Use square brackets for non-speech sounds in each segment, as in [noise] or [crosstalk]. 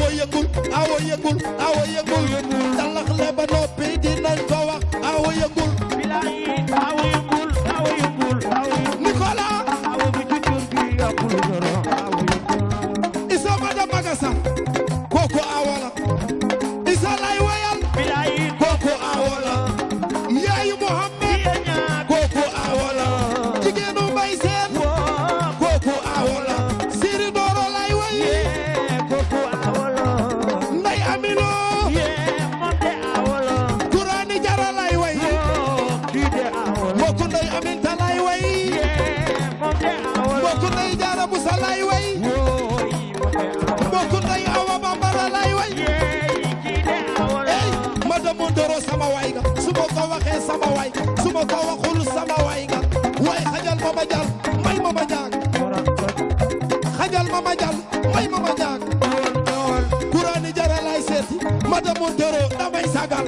awayakul, awayakul, awayakul. jal mama jal may mama jaag kuraani jara lay ma demoon dërë damay sagal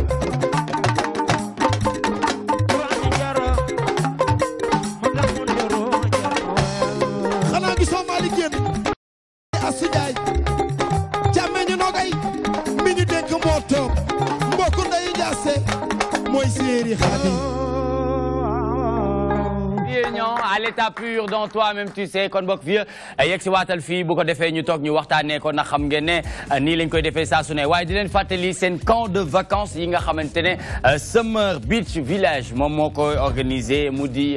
état pur dans toi même tu sais kon bok vieux et eh, si waatal fii bu ko defé ñu tok ñu waxtané ko na xam ngeen né eh, ni lañ koy defé sa su ne waaye di leen fàttali sen camp de vacances yi nga xamante eh, Summer Beach Village mom moko organise organisé mu di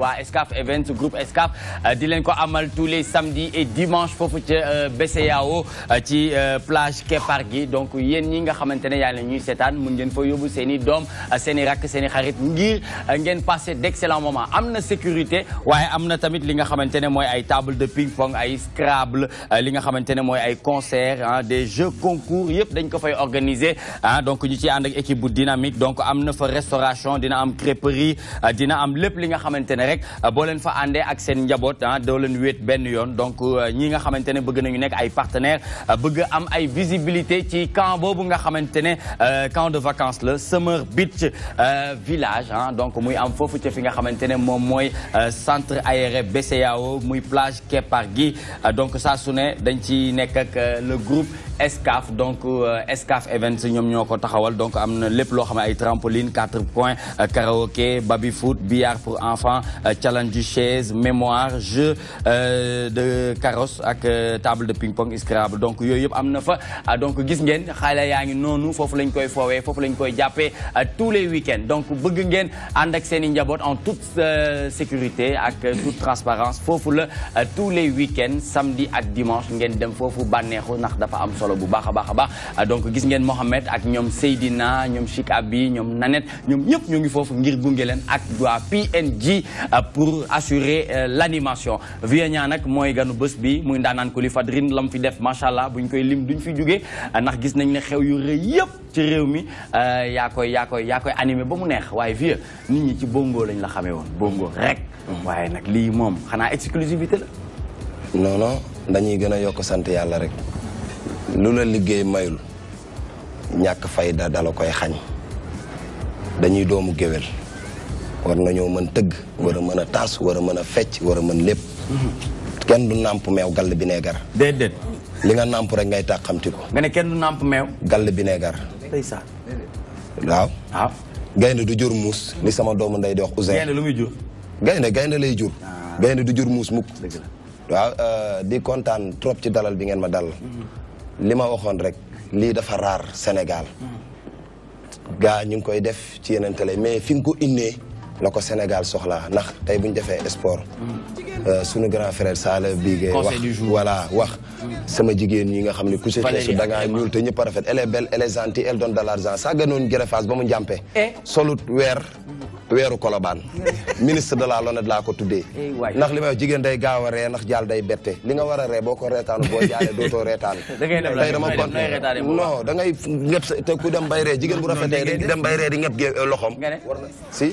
waa Escaf Events groupe Escaf di leen ko amal tous les samedis et dimanches fofu ci BCEAO ci plage Kepar gi donc yéen ñi nga xamante ya yaa ñuy sétane mu ngeen fa yobu séni dom doom seen i xarit ngir ngeen passer d'excellents moments amna sécurité waaye waaye am na tamit li nga xamante ne mooy ay table de ping pong ay scrabble euh, li nga xamante ne mooy ay concert ah des jeux concours yëpp dañ ko fay organiser ah donc ñu ci ànd ak équipe bu dynamique donc am na fa restauration dina am crêperie euh, dina am lépp li nga xamante ne rek euh, boo leen fa àndee ak seen njaboot ah doo leen wéet benn yoon donc ñi nga xamante ne bëgg nañu nekk ay partenaires bëgg am ay visibilité ci camp boobu nga xamante ne camp de vacances la Summer Beach village ah donc muy am foofu ca fi nga xamante ne moom mooy centre centre aéré BCEAO plage Kepargui. Euh, donc ça sonne. ne euh, le groupe Escaf donc euh, Escaf Events ñoom ñoo donc les na lépp trampoline quatre points karaoké baby foot billard pour enfants challenge chaise mémoire jeu de carrosse avec table de ping pong Scrabble donc nous avons nous fa donc nous avons xale lañ koy lañ koy tous les week-ends donc bëgg ngeen ànd ak en toute sécurité ak que euh, toute transparence foofu la euh, tous les week-ends samedi ak dimanche ngeen dem foofu bànneexu ndax dafa am solo bu baax a baax euh, donc gis ngeen Mohamed ak ñom Seydina ñom Chic Abi ñom Nanette ñom ñep ñu ngi foofu ngir gunge len ak waa PNG pour assurer l'animation Viaña nak moy ganu bés bi muy ndanan ko li fadrin lam fi def machallah buñ koy lim duñ fi jóge ndax gis nañ ne xew yu rëy yëpp ci réew mi ya koy ya koy ya koy animer ba mu neex waye vieux nit ñi ci bongo lañ la xamé won bongo rek mm. waye nak li mom xana exclusivité la. non non dañuy gëna yok sante yalla rek. lu la liggéey mayul ñak fayda dal koy xagn dañuy doomu géwél war nañu mën tëgg wara mëna tass wara mëna war a mën a fecc war a mën gal kenn du nàmp meew gall bineegar déedéet li nga namp rek ngay tàqamti ko nga ne kenn du nàmp meew gall bineegar ndeysaan waaw waaw gaynde du jur mus li sama doomu ndey di wax ousain gaynde lu muy jur gaynde gaynde lay jur. Ah. gaynde du jur muus mukk. waaw euh, di kontaan trop ci dalal bi ngeen ma dal. Mm-hmm. li ma waxoon rek lii dafa raar Sénégal. Mm-hmm. gaa ñu ngi koy def ci yeneen télé mais fi nga ko innee la ko Sénégal soxlaa ndax tey buñ ñu defee sport. Mm-hmm. Euh, sunu grand frère Sala Bigué wax voilà wax. sama jigéen ñi nga xam ne ku si teesu da ngaa ñuul te ñëpp a rafet ele est belle elle est gentille elle donne de l'argent saa gënoon gërëfaas ba mu njàmpe eh? solut weer. weeru kolobaan [laughs] ministre de la Lonette laa ko tuddee ndax li may wax jigéen day gaaw a ree ndax jaal day bette li nga war a ree boo ko reetaanu boo jaale [laughs] dootoo reetaan tey dama kon non da ngay ñëpp te ku dem bay ree jigéen bu rafetee di dem bay ree di ñëpp euh, na si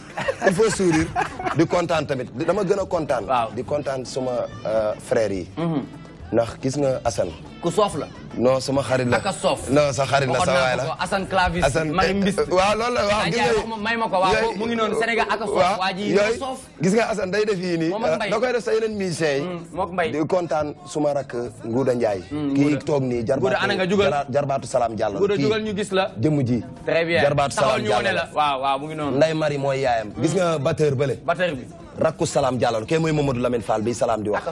il faut sourire di kontaan tamit dama gën a kontaan di kontaan suma euh, frères yi mm-hmm. ndax gis nga asan ku sof la. non sama xarit la ak soof. non sa xarit la sa way la asan Clavis. asan ma ngi wa lol la wa gis nga may mako wa mo ngi non senegal ak sof waji ji yooyu gis nga asan day def yi ni da koy def sa yenen musiciens yi. Mm, mbay di contane suma rak ngouda ndjay mm, ki tok ni jarbaatu ana nga jugal Salam jallo ngouda jugal ñu gis la dem ji. très bien jarbaatu Salam jallo wa wa mo ngi non nday mari moy yaayam. gis nga mm. batteur bele batteur bi. rakku salaam Diallo kee mooy Mamadou Lamine Fall bi salaam di wax.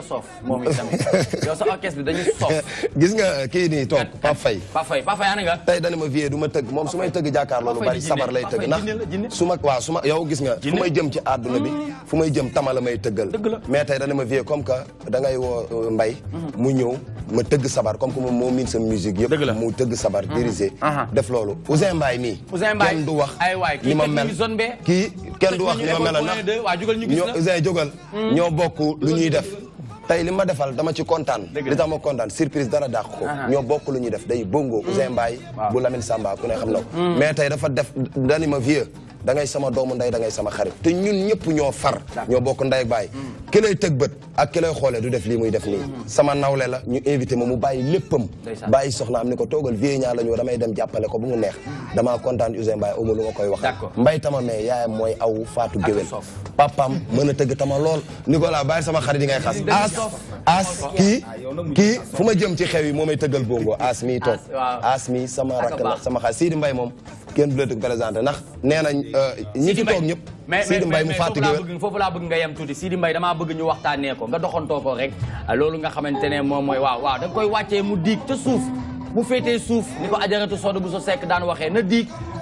[laughs] gis nga kii nii toog Pape Faye. Pape Faye Pape dana ma vie du ma tëgg moom su may tëgg jàkkaarloo lu bari sabar lay tëgg ndax su ma waaw su ma yow gis nga fu may jëm ci àdduna bi mm. fu may jëm tama la may tëggal mais tey dana ma vie comme que da ngay woo euh, mbay mm-hmm. mu ñëw ma tëgg sabar comme que moo miin sa musique yëpp mu tëgg sabar mm-hmm. dirigé def loolu Ousseyn Mbaye mii Ousseyn Mbaye kenn du wax li ma mel kii kenn du wax li ma mel Ouzin jógal hmm. ñoo bokk lu ñuy def tey li ma defal dama ci kontaan li tax ma kontaan surprise dara dàq ko ñoo bokk lu ñuy def day bongo Ouzin hmm. Mbaye bu Lamine Samba ku ne xam na ko hmm. mais tey dafa def dani ma vieux da ngay sama doomu nday da ngay sama xarit te ñun ñëpp ñoo far ñoo bokk nday baay hmm. ki lay tëg bët ak ki lay xoolee du def lii muy def nii hmm. sama nawle la ñu invité ma mu bàyyi léppam bàyyi soxnaam ni ko toogal vie ñaa la ñëw damay dem jàppale ko bu mu neex hmm. dama kontaan Ouzin Mbaye amu lu ma koy wax mbay tama mais yaayam mooy aw faatu géwél papam mën a tëgg tama lool Nicolas bàyyi sama xarit yi ngay xas as as kii ah, kii fu ma jëm ci xew yi moo may tëggal bongo [laughs] as mii toog as mi sama rakk la sama xarit Sidi mbay moom kenn du la présenté ndax nee nañ euh, ñi fi toog ñëpp Sidi Mbaye mu fàttali mais foofu laa bëgg nga yem tuuti Sidi Mbaye damaa bëgg ñu waxtaanee ko nga doxantoo ko rek loolu nga xamante ne moom waaw waaw koy wàccee mu diig ca suuf bu féetee suuf ni ko ajaratu sodo bu so sekk daan waxee na diig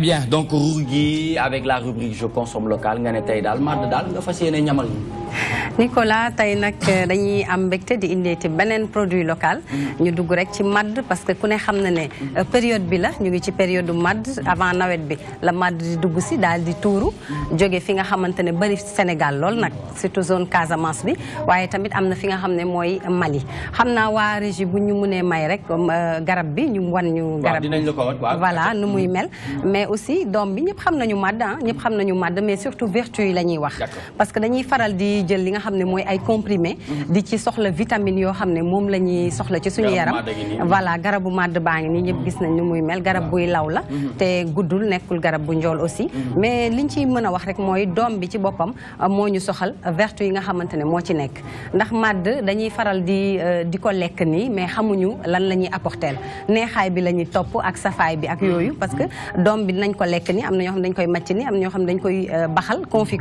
très bien donc Rougui, avec la rubrique je consomme local Ngane ne dal »,« daal dal »,« nga fas yéene ñamal Nicolas tey nag eh, dañuy am mbégte di indeeti beneen produit local. Mm. ñu dugg rek ci màdd parce que ku ne xam na ne eh, période bi la ñu ngi ci période madd avant nawet bi la madd di dugg si daal di tuuru. Mm. jóge fi nga xamante ne bëri Sénégal lool nag surtout zone Casamance bi waaye tamit am na fi nga xam ne mooy Mali xam naa waa régie bu ñu munee may rek eh, garab bi ñu wan ñu. garab dinañ la ko wan muy mm. mel. mais aussi doom bi ñëpp xam nañu madd ah ñëpp xam nañu madd mais surtout vertu yi la ñuy wax. parce que dañuy faral di jël li nga xam ne mooy ay comprimé mhm. di ci soxla vitamine yoo xam ne moom la ñuy soxla ci suñu yaram mhm. voilà garabu màdd baa ngi nii ñëpp mhm. gis nañ ni muy mel garab buy law la te guddul nekkul garab bu njool aussi mais li liñ ciy mën a wax rek mooy doom bi ci boppam euh, moo ñu soxal vertu yi nga xamante ne moo ci nekk ndax màdd dañuy faral di euh, di ko lekk nii mais xamuñu lan la ñuy apporter neexaay bi la ñuy topp ak safaay bi ak yooyu parce que doom bi nañ ko lekk nii am na ñoo xam dañ koy màcc nii am ñoo xam ne dañ koy euh, baxal confit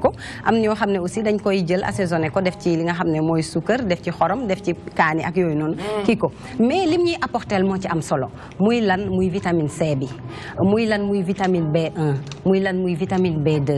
ko def ci li nga xamné moy sucre def ci xorom def ci kaani ak yooyu non mm. kiko mais lim ñi apporter mo ci am solo muy lan muy vitamine C bi muy lan muy vitamine B1 muy lan muy vitamine B2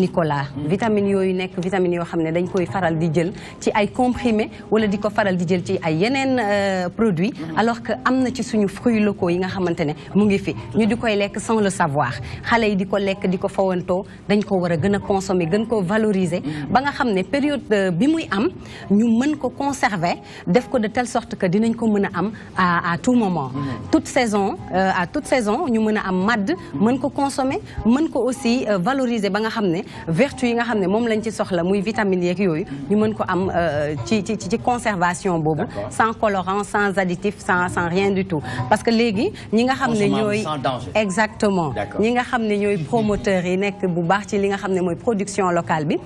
Nicolas vitamine yooyu nek vitamine yo xamné dañ koy faral di jël ci ay comprimé wala diko faral di jël ci ay yenen euh, produit alors que amna ci suñu fruits locaux yi nga xamantene mu ngi fi ñu di koy sans le savoir xalé yi diko ko diko di dañ ko wara gëna consommer gën ko valoriser mm. ba nga xamné période euh, bi muy am ñu mën ko conserver def ko de telle sorte que dinañ ko mën a am à tout moment mm-hmm. toute saison euh, à toute saison ñu mën a am madd mën ko consommer mën ko aussi euh, valoriser ba nga xam ne vertu yi nga xam ne moom lañ ci soxla muy vitamines yeeg yooyu ñu mën ko am euh, ci ci ci conservation boobu sans colorant sans additif sans sans rien du tout parce que léegi ñi nga xam ne ñooy exactement ñi nga xam ne ñooy [laughs] promoteurs yi nekk bu baax ci li nga xam ne mooy production locale bi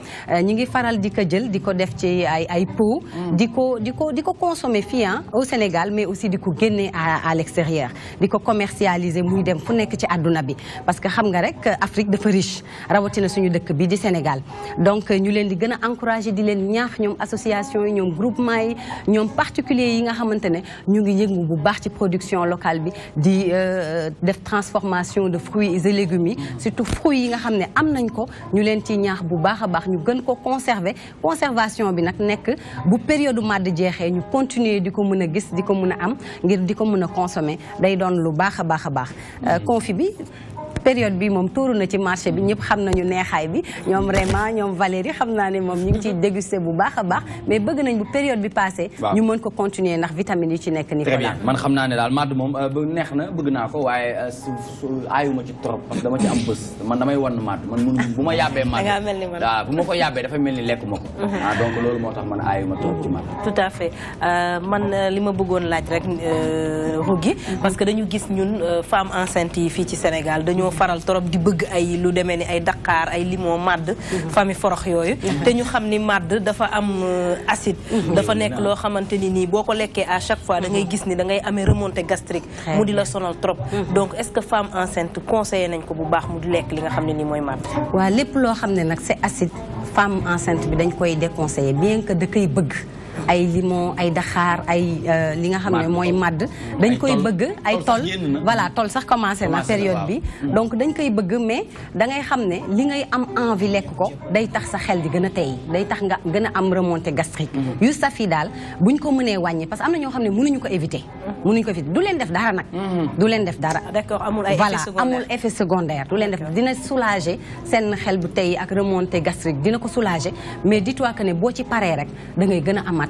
ñi ngi faral di ko jël di ko def ci ay ay pots. Mm. diko diko diko consommer fi hein au Sénégal mais aussi diko guenné à à l'extérieur diko commercialiser muy dem fu nek ci aduna bi parce que xam nga rek Afrique dafa riche rawatina suñu dëkk bi di Sénégal donc ñu leen di gëna encourager di leen ñaax ñom association yi ñoom groupement yi ñom particuliers yi nga xamante ñu ngi yëngu bu baax ci production locale bi di euh, def transformation de fruits et légumes surtout fruits yi nga xamné am nañ ko ñu leen ci ñaax bu baaxa baax ñu gën ko conserver conservation consommation bi nak nek bu période mad jeexee ñu continuer diko mëna gis diko mëna am ngir diko mëna consommer day don lu baax a baax a euh, confit bi période bi moom tuuru na ci marché bi ñëpp xam nañu neexaay bi ñoom vraiment ñoom Valérie xam naa ne moom ñu ngi ciy dégusté bu baax a baax mais bëgg nañ bu période bi passé ñu mën ko continuer ndax vitamines yi ci nekk ni man damay wann madd man mun bu ma yàbbee madd waaw bu ma ko yàbbee dafa mel ni lekk ko mhm. ah donc loolu moo tax man aayuma trop ci madd tout à fait euh, man euh, li ma bëggoon laaj rek euh, Rougui mhm. parce que dañu gis ñun femmes enceintes yi fii ci Sénégal dañoo faral torop di bëgg ay lu demee ni ay Dakar ay limon madd mhm. fami forox yoyu mhm. te ñu xamni ni dafa am euh, acide mhm. dafa nek lo xamanteni ni boko boo ko à chaque fois da ngay gis ni da ngay amé remontée gastrique mu di la sonal trop donc est-ce que femme enceinte conseillé nañ ko bu baax mu di lekk li nga xamni ne moy mooy wa lepp lo xamné nak ne c'est acide femme enceinte bi dañ koy déconseiller bien que de kay bëgg ay limon ay daxaar ay euh, li nga xam ne mooy madd dañ koy bëgg ay tol voilà tol sax commencé na période bi donc dañ koy bëgg mais da ngay xam ne li ngay am envie lekk ko day tax sa xel di gën a tey day tax nga gën a am remontée gastrique mhm. yu saf yi daal buñ ko mënee wàññi parce que am na ñoo xam ne mënuñu ko éviter mhm. mënuñu ko éviter du leen def dara nag mhm. du leen def dara d'accord amul ay voilà amul effet secondaire du leen def dina soulager seen xel bu tey ak remontée gastrique dina ko soulager mais dis-toi que boo ci paree rek da ngay gën a amaat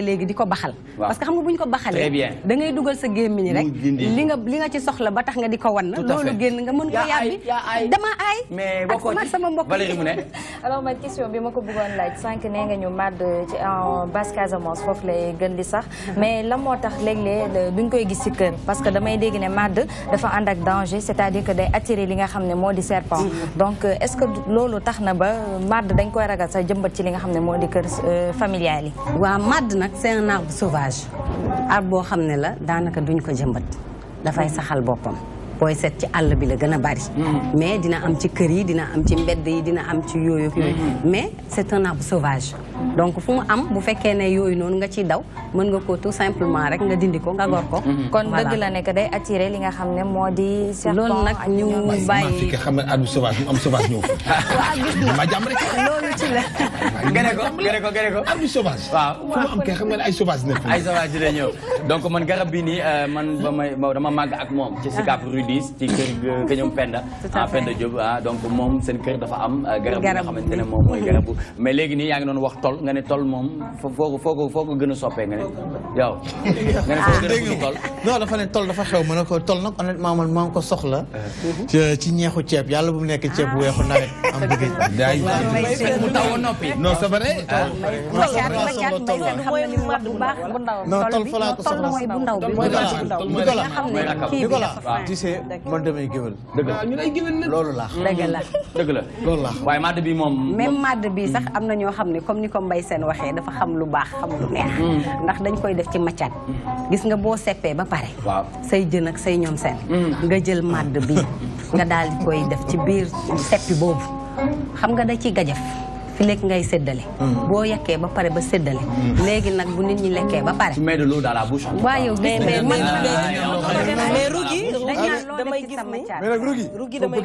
paree léegi di baxal parce que xam nga buñ ko baxalee da ngay duggal sa ni rek li nga li nga ci soxla ba tax nga diko wan lolu genn nga mën ko yàbbi dama ay mais boko ci sama mbokk Valérie mu né [laughs] alors ma question bi mako bëggone laaj sank né nga ñu mad ci en basse Casamance foofu lay gën di sax mais la motax lég lé euh, duñ koy gis ci kër parce que damay dégg né mad dafa and ak danger c'est-à-dire que day attirer li nga xamné ne di serpent donc euh, est-ce que lolu tax na ba euh, mad dañ koy ragal sa jëmbat ci li nga xamné ne di kër familial yi waaw màdd nag nag c'est un arbre sauvage arbre boo xam ne la daanaka duñ ko jëmbat dafay saxal boppam booy seet ci àll bi la gën a bari. Mm-hmm. mais dina am ci kër yi dina am ci mbedd yi dina am ci yooyu yooyu. Mm-hmm. mais c'est un arbre sauvage. donc fu mu am bu fekkee ne yooyu noonu nga ciy daw mën nga ko tout rek nga dindi ko nga ko. Mm-hmm. kon dëgg la nekk day attiré li nga xam ne moo di. serpent loolu nag ñu bàyyi xam ne arbre sauvage mu am sauvage ñëw fi. [laughs] ma [laughs] ay sauvage nekk. ay sauvage dina donc man garab bi nii euh, dama màgg ak moom ci Sicap ah. Rue diis ci kër ga ñoom Penda Penda job ah donc mom seen kër dafa am ah, garab nga xamantene mom moy garab mais légui ni yaa ngi doon wax tol nga ne tol mom foko foko foko gëna soppé nga ne yow nga ne foko gëna tol non dafa len tol dafa xew manako tol nak honnêtement man maa ko soxla uh-huh. euh, ci ñeexu ciép yalla bu mu nekk ciép wéxu ah. weexu nawet am bëgg mu taw nopi non c'est vrai ah. non tol tol, tol, ko soxla tol, tu sais man damay géwél. dëgg la ñu lay géwél nag loolu laax. dëgg la dëgg la loolu laax. waaye madd bi moom. même madd bi sax am na ñoo xam ne comme ni ko Mbaye seen waxee dafa xam lu baax xam lu meex ndax dañ koy def ci maccaat. gis nga boo seppee ba pare. waaw say jën ak say ñoom seen. nga jël madd bi nga daal di koy def ci biir seppi boobu xam nga da ciy gajaf. fi lekk ngay seddale boo yekkee ba pare ba seddale léegi nag bu nit ñi lekkee ba pare. tu mets de l'eau dans la bouche. waaw yow mais mais rugi rugi de la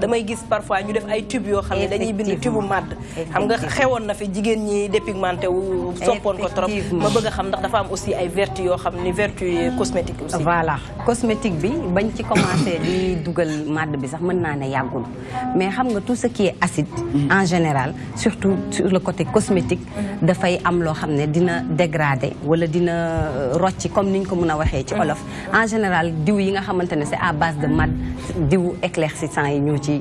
dama dama gis parfois ñu def ay tubes yo xamné dañuy bind tubu màdd xam nga xewon na fi jigen ñi dépigmenté wu soppoon ko trop ma bëgg xam ndax dafa am aussi ay vertu yo xamné ni vertu cosmétique aussi voilà cosmétique bi bañ ci commencé di duggal màdd bi sax mën naa ne yàggul mais xam nga tout ce qui est acide mm. en général surtout sur le côté cosmétique mm. da fay am lo xamné dina dégrader wala dina euh, rocci comme niñ ko mëna waxé ci mm. olof en général diw yi nga xamante ne c'est à base de màdd diw éclaircissant yi ñu ci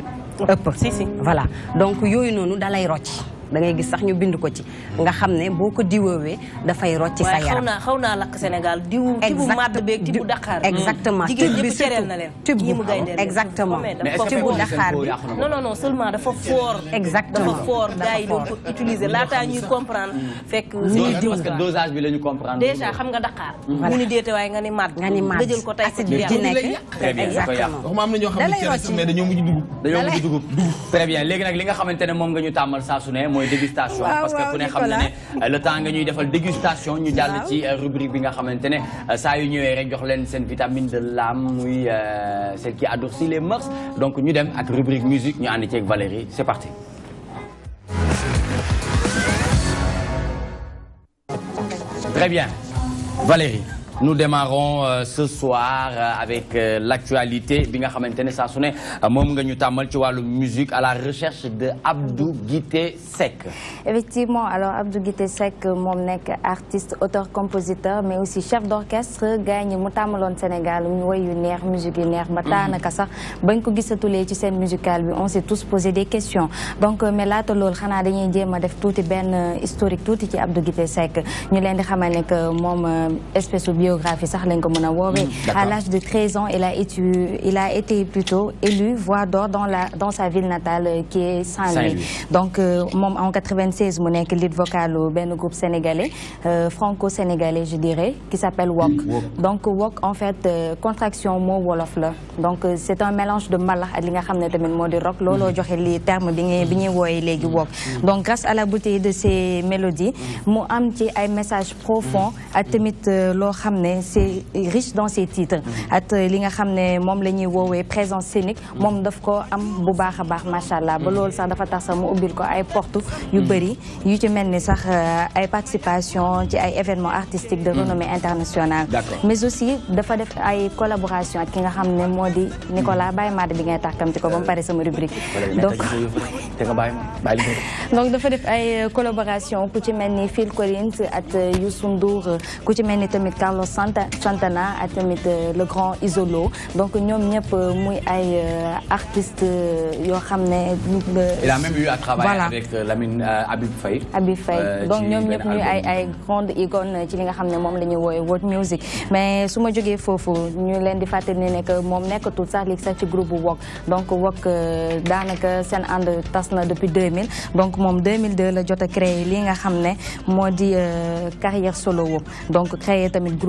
ëpp si si voilà donc yooyu noonu dalay rocc da ngay gis sax ñu bind ko ci. nga xam ne boo ko diwoowee dafay rocc ci sa yaram. xaw naa xaw naa lakk Sénégal diw. tibb màdd beeg tibb Dakar. exactement na leen. tibb exactement tibb Dakar bi. non non non seulement dafa fort. exactement dafa fort gars yi doon laataa ñuy comprendre. fekk ñuy diw parce bi la ñu comprendre. déjà xam nga Dakar. voilà mu ni déete waaye nga ni màdd. nga ni màdd jël ko tey acide bi exactement waxuma am na xam ne dañoo mujj dugub. dañoo bien léegi nag li nga xamante ne moom nga ñu tàmmal saa su et dégustation parce que ku ne xam ne euh, le temps nga ñuy defal dégustation ñu jàll ci euh, rubrique bi nga xamantene ne euh, yu ñëwé rek jox leen sen vitamine de l'âme celle qui adoucit les mœurs donc ñu dem ak rubrique musique ñu ànd avec Valérie c'est parti très bien Valérie nous démarrons euh, ce soir euh, avec euh, l'actualité bi nga xamante ne saa su nous euh, moom nga ñu tàmmal ci musique à la recherche de Abdou Guité Seck. Effectivement alors Abdou Guité Seck euh, mon artiste auteur compositeur mais aussi chef d'orchestre gagne. ñi mu Sénégal ñu woy yu neex musique yu neex ba taanaka mhm. sax bañ ko gisatulee ci scène musicale bi on s'est tous posé des questions donc mais laata loolu xanaa dañuy jéem ma def est ben historique tout ci Abdou Guité Seck Nous l'aimons, di xamal que moom espèce lañ ko a à l'âge de 13 ans il a été il a été plutôt élu voix d'or dans dans sa ville natale euh, qui est Saint-Louis donc euh, mom, en 96 mu vocal lead vocal ben groupe sénégalais euh, franco-sénégalais je dirais qui s'appelle Wok mm, donc Wok en fait contraction mot wolof la donc c'est un mélange de mal li nga rock mm. terme mm. donc grâce à la beauté de ces mélodies mu am ci ay messages profonds ak tamit xam c'est riche dans ses titres mhm. At euh, li nga xamné mom lañuy wowe présence scénique mom mhm. daf ko am bu baax a baax macha ba mhm. lol sax dafa tax sax mu ko ay porte yu bëri yu ci melni sax euh, ay participation ci ay événements artistiques de renommée internationale mais aussi dafa def ay collaboration ak ki nga xamné modi Nicolas Baymad bi ngay ci ko bam paré pare sama rubrique euh, donc [laughs] donc dafa def ay collaboration ku ci melni Phil Collins at Youssou Ndour ku ci melni tamit Carlos Santa Santana a tamit euh, le grand Isolo donc ñom ñep euh, muy ay euh, artiste yo xamné il a même eu à travailler voilà. avec Lamine Habib Faye. Habib Faye donc ñom ñep ñuy ay ay grandes icônes ci li nga xamné mom lañuy la world music mais suma ma fofu ñu leen di fàttali ne que nek tout ça lik sax ci groupe Wok donc Wok danaka sen and tasna depuis 2000 donc mom 2002 la jotta créer li nga xamné modi moo carrière solo donc créer tamit groupe.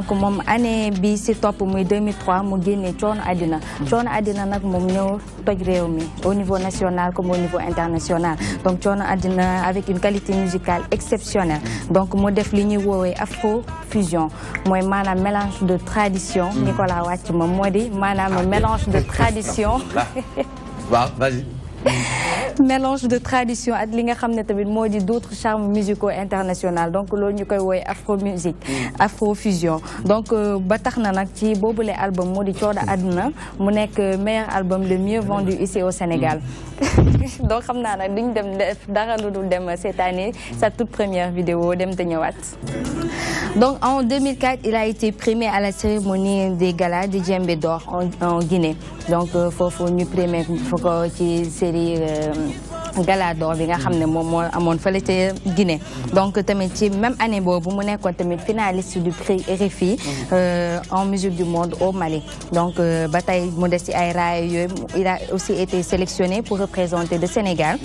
donc mon année bi si top 2003 mu gagné John Adina. John Adina, nak mon ñëw toj au niveau national comme au niveau international donc John Adina, avec une qualité musicale exceptionnelle donc mon def li afro fusion mooy un mélange de tradition hmm. Nicolas wàcc moi moo di un ah, mélange de tradition ah. bah, vas-y [laughs] mélange de tradition ak li nga charmes musicaux internationaux donc l'on ñu koy afro musique mm. afro fusion donc euh, ba taxna nak ci bobule album modi di mu meilleur album le mieux vendu ici au Sénégal mm. [laughs] donc xamna naa dem dara cette année sa toute première vidéo dem te donc en 2004 il a été primé à la cérémonie des galas de Djembé d'or en Guinée donc, il euh, faut nous plaire, mais il faut qu'on s'assure euh, gala bi nga ne mo amone amoon Guinée donc tamit ci même année bobu mu tamit finaliste du prix RFI euh, en musique du monde au Mali donc euh, Bataille Modeste il a aussi été sélectionné pour représenter le Sénégal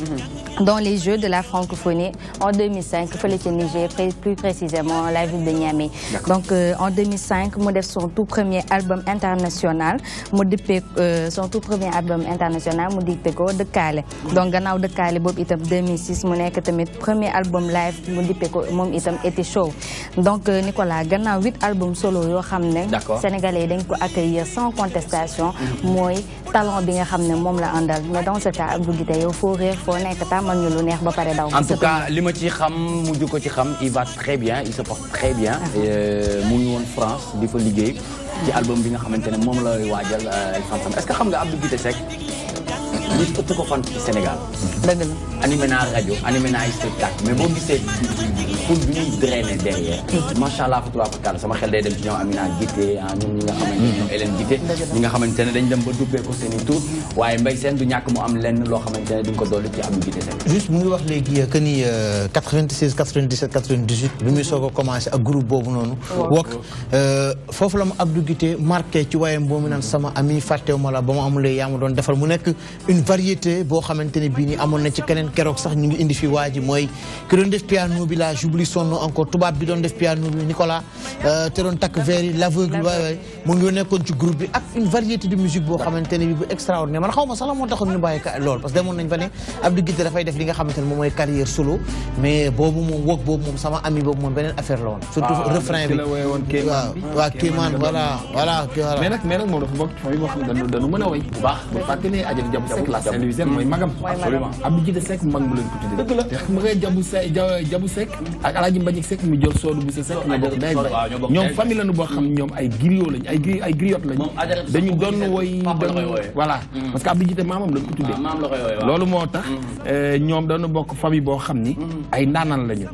dans les Jeux de la francophonie en 2005 fallait Niger plus précisément la ville de Niamey donc euh, en 2005 mu def son tout premier album international mu son tout premier album international mu dippee De Cale donc gannaaw Kali Bob itam 2006 mu nek tamit premier album live mu dippee ko mom itam été show donc euh, Nicolas ganna huit albums solo yo xamné sénégalais yi dañ ko accueillir sans contestation moy mhm. talent bi nga xamné mom la andal. mais dans ce cas Abdou Guité yow foo fo nek nekk man ñu lu neex ba paré daw en tout cas li ma ci xam mu ko ci xam il va très bien il se porte très bien ah. euh, mu ngi woon France di fa liggéey ci album bi nga xamante mom la lay euh, est-ce que xam nga Abdou Guité Seck nit ëpp ko fan ci Sénégal dëgg la animé naa rajo animé naa ay spectacle mais boo gisee pour bi ñuy drainer derrière mhm. sama xel day dem ci ñoom Amina Guité ah mhm. ñi nga xamante ne Hélène Guité ñi nga xamante dañ dem ba dubbee ko seen i tur mbay seen du ñàkk mu am lenn duñ ko dolli ci juste wax euh, que ni 96 97 98 bi muy soog a ak groupe boobu noonu wokk euh, foofu la ma Abdou marqué ci sama ami fàttewuma la ba ma amulee doon defal mu nekk une variété ni amoon na ci keneen keroog sax ñu ngi indi fi waa ji mooy ki doon def piano bi la j'oublie son encore tubaab bi doon def piano bi Nicolas euh, te doon takk verre yi l'aveugle waay waay mu ngi nekkoon ci groupe bi ak une variété de musique boo xamante ne bi bu extraordinaire man xaw ma sax la moo taxoon ñu bàyyi loolu parce que demoon nañ fa ne Abdou Guité dafay def li nga xamante ne moom mooy carrière solo mais boobu moom wog boobu moom sama ami boobu moom beneen affaire la woon ah, surtout refrain bi waaw waaw Kéemaan voilà voilà voilà. mais nag mais nag moom dafa bokk ci famille boo xam ne dañu mën a woy bu baax bu fàtte ne ajal jam sek la saint mooy magam Abi jadi sek mag mu ko tuddee. dëgg la Jabu sek, Jabu Seck ak Alaaji Mbañik Seck mu jël soodu bu sa Seck ñoo day bay ah, ñoom famille lañu boo xam ñoom ay griot lañ ay gri ay griot lañ dañu don woy voilà hmm. parce que Abdou Jide maamam lañ ko tuddee loolu moo tax ñoom dañu bokk famille boo xam ni hmm. ay ndaanaan lañu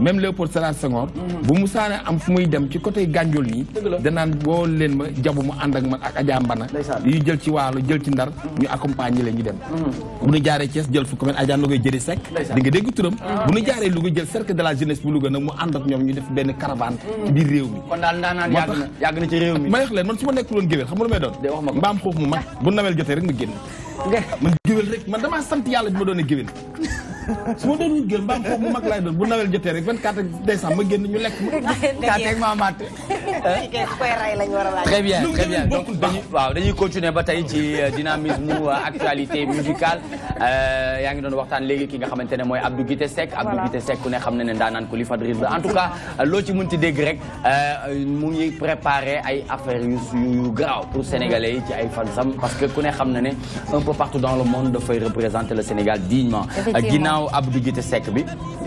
même Léopold Sédar Senghor hmm. bu musaane am dem ci côté Gandiol nii ma jabu mu ak man ak yu jël ci jël ci ndar ñu accompagner dem bu ñu jël ku mel Adja Ndogoy Jëri Seck di nga bu ñu jaaree Louga jël cercle de la jeunesse bu Louga nag mu ànd ñoom ñu def benn caravane ci biir réew mi ma wax leen man su ma nekkul woon géwél xam nga lu may doon mbaam xoof mu mag ah. bu nawel jotee rek ma génn man géwél rek man damaa sant yàlla bi ma doon géwél su ma doon génn mbaam foofu bu mag laay doon bu nawel jotee rek 24 décembre ma génn ñu lekk ma. kàtteeg [laughs] ma amaate. koy rey lañ war a laaj. très bien très bien donc dañuy bah, waaw dañuy continuer ba tey ci euh, dynamisme euh, actualité musicale euh, yaa ngi doon waxtaan léegi ki nga xamante ne mooy Abdou Guité Seck. Abdou Guité Seck ku ne xam na ne daanaan ko li Fadril en tout cas loo ci mënti dégg rek mu ngi préparé ay affaires yu yu garaaw pour sénégalais yi ci ay fansam parce que ku ne xam na ne un peu partout dans le monde dafay représenter le Sénégal dignement ginnaaw ginnaaw Abdou Guité Seck bi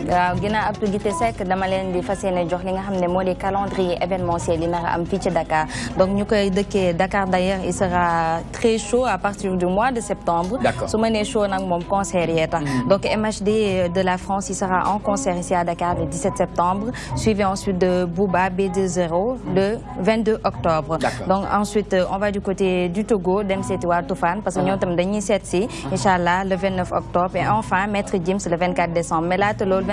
waaw ginnaaw Abdou Guité dama len di fas jox li nga xamné modi calendrier événementiel li am fi ci Dakar donc ñu koy Dakar d'ailleurs il sera très chaud à partir du mois de septembre. d'accord su chaud nak mom concert hmm. donc MHD de la France il sera en concert ici à Dakar le 17 septembre suivi ensuite de bouba B20 le 22 octobre. donc ensuite euh, on va du côté du Togo dem seeti waa parce que ñom tam dañuy seet hmm. le 29 octobre et enfin Maître Gims le 24 décembre mais le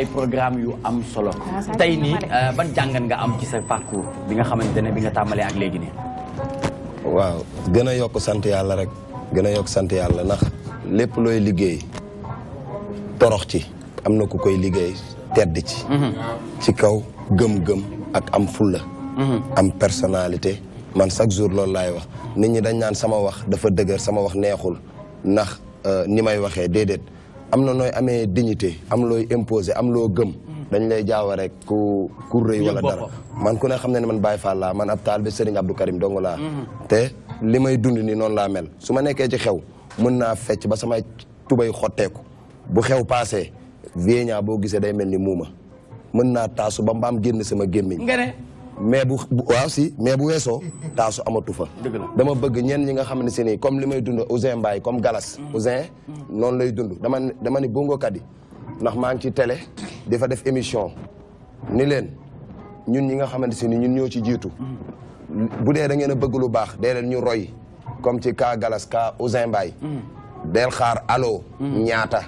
ay programme yu am solo ah, tay ni eh, ban jangane nga am ci sa parcours bi nga xamantene bi nga tàmbalee ak léegi ni waaw gëna yok sante yalla rek gëna yok sante yalla yàlla nah, lepp loy looy liggéey torox ci amna ku koy liggéey tedd ci mhm. ci kaw gëm-gëm ak am fulla mhm. am personnalité man chaque jour lool lay wax nit ñi dañ sama wax dafa dëgër sama wax neexul ndax eh, ni may waxee dedet am na nooy amee dignité am looy imposé am loo gëm. dañ lay jaawa rek ku ku rëy wala dara man ku ne xam ne ne man Baye Fall laa man ab taal bi Serigne Abdou Karim dong la mhm. te li may dund ni noonu laa mel su ma nekkee ci xew mën naa fecc ba sama tubay xotteeku bu xew paasee Vienna boo gisee day mel ni muuma mën naa taasu ba mbaam génn sama gémmiñ mais bu waaw si mais bu weesoo taasu amatu fa dama bëgg ñenn ñi nga xam ne si nii comme li may dund Ouzin Mbaye comme Galas mm. Ouzin mm. noonu lay dund dama dama ni bongokat yi ndax maa ngi ci tele di fa def émission ni leen ñun ñi nga xamante si ni ñun ñoo ci jiitu mm. bu dee da ngeen a bëgg lu baax dee leen ñu roy comme ci ka Galas ka Ouzin Mbaye del xaar allo ñaata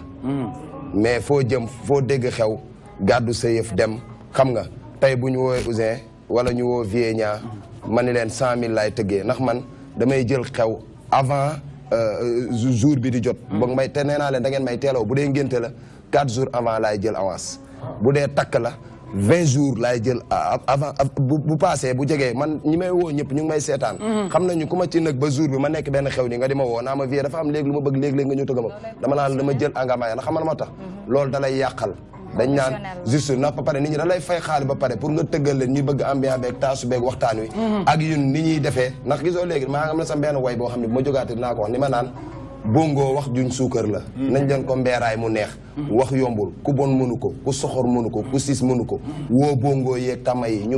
mais foo jëm foo dégg xew gàddu sa yëf dem xam nga tey bu ñu woowee Ouzin wala ñu woo Vienna ma ni leen cent mille laay tëggee ndax man damay jël xew avant euh, euh, jour bi di jot hmm. boog may te nee naa leen da ngeen may teelaw bu dee ngénte la quatre jours avant laay jël avance bu dee takk la vingt jours laay jël avant bu bu passé bu jegee man ñi may woo ñëpp ñu ngi may seetaan hmm. xam nañu ku ma ci ba jour bi ma nekk benn xew ni nga di ma woo naa ma vie dafa am léegi lu ma bëgg léegi-léegi nga ñëw tëgg ma dama naan dama jël engagement ya na xamal ma tax hmm. loolu dalay yàqal dañ naan juste ndax ba pare nit ñi da lay fay xaalis ba pare pour nga tëggal leen ñu bëgg ambiance beeg taasu beeg waxtaan wi mhm. ak yun ni ñuy defee ndax gisoo léegi maa nga am na sa benn way boo xam ma ko wax ni ma bongo wax juñ suukar la mhm. nañ leen ko mbeeraay mu neex mhm. wax yombul ku bon mënu ku soxor ku bongo yeeg tama ñu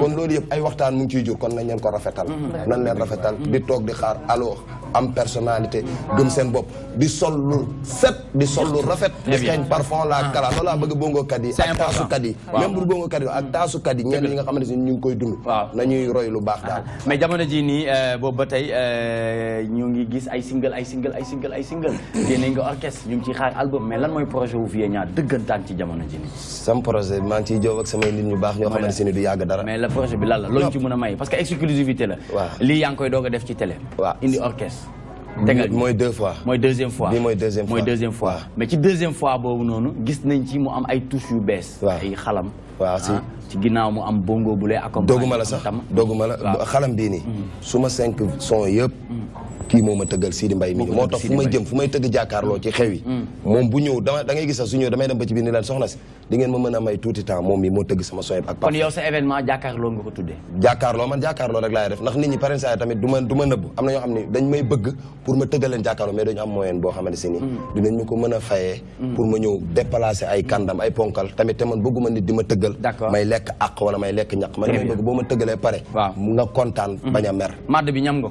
kon loolu yëpp ay waxtaan mu ngi ciy jur kon nañ leen ko rafetal nañ leen rafetal di toog di xaar alors am personnalité gëm sen bop di sol lu set di sol lu rafet di xeeñ parfum la ah. kala loolu laa bëgg bongo kadi ak tasu kadi même bu bongo kadi ak tasu kadi ñen yi nga xamante ne ñu ngi koy dund nañuy roy lu baax daal ah. mais jamono ji ni euh, bo batay euh, ñu ngi gis ay single ay single ay single ay single [coughs] génne nga orchestre ñu ci xaar album mais lan moy projet wu fi ñaar dëggantaan ci jamono ji ni sam projet ma ci jow ak sama nit ñu baax ñoo xamante ne du yag dara mais le projet bi lan la loñ ci mëna may parce que exclusivité la li yang koy doga def ci télé waaw indi orchestre Moi, deux fois Moi, deuxième fois Moi, deuxième fois mais ci deuxième fois bobu nonou gis nañ ci mu am ay yu ay xalam. Ah, ci mu am bongo bu lay accompagner. la sax la xalam ki moo ma tëggal Sidi mbay mi moo tax fu jëm fumay teug tëgg jàkkaarloo ci xewi mom mm. bu ñew da ngay gis sax su ñëw damay dem ba ci bi ni lan soxna si di ngeen ma mën may touti temps mom mi mo teug sama soyeb ak kon yow sa événement jàkkaarloo nga ko tuddee jàkkaarloo man jàkkaarloo rek lay def ndax nit ñi parents ay tamit duma duma neub ma nëbb am na ñoo xam dañ may bëgg pour ma tëggal leen jàkkaarloo mais dañu am moyen bo xamante si ni mm. dinañ ma ko fayé mm. pour ma ñew déplacer ay kandam ay ponkal tamit te man bëgguma nit di ma teugal may lek ak wala may lek ñak man damay bëgg bo ma tëggalee pare nga contane baña mer mad bi ñam nga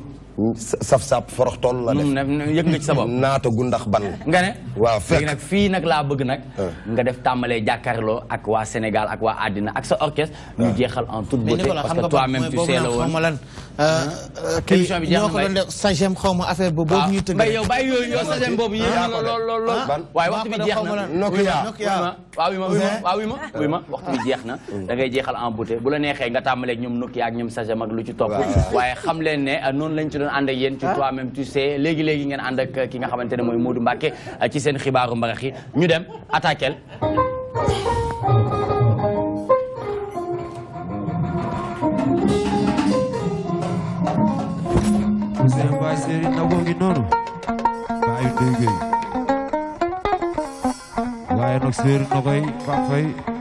saf sap forox toll la def mm, yëg nga ci sa bopp naata gu ndax ban nga ne waaw fekk nag fii nag laa bëgg nag ah. nga def tàmbalee jàkkaarloo ak waa Sénégal ak waa àddina ak sa orchestre ah. ñu jeexal en toute beauté parce que toi-même tu sais la woon Euh, euh, émission bi jàmm ñoo ko xaw ma affaire boobu ñu yow bàyyi yooyu yow sagem boobu yéen ah, ah, waaye waxtu bi jeex na Nokia ma waaw waxtu bi jeex na da ngay jeexal en beauté bu la neexee nga tàmbaleeg ñoom Nokia ak ñoom sagem ak lu ci topp waaye xam leen ne euh, noonu lañ ci doon ànd ak yéen ci ah? même tu sais léegi-léegi ngeen ànd ak ki nga xamante ne mooy Modou Mbacké ci seen xibaaru mbarax yi ñu dem attaquel Serigne Ndao ngi noonu baayu Ndeye Gueye waaye nag Serigne Ndao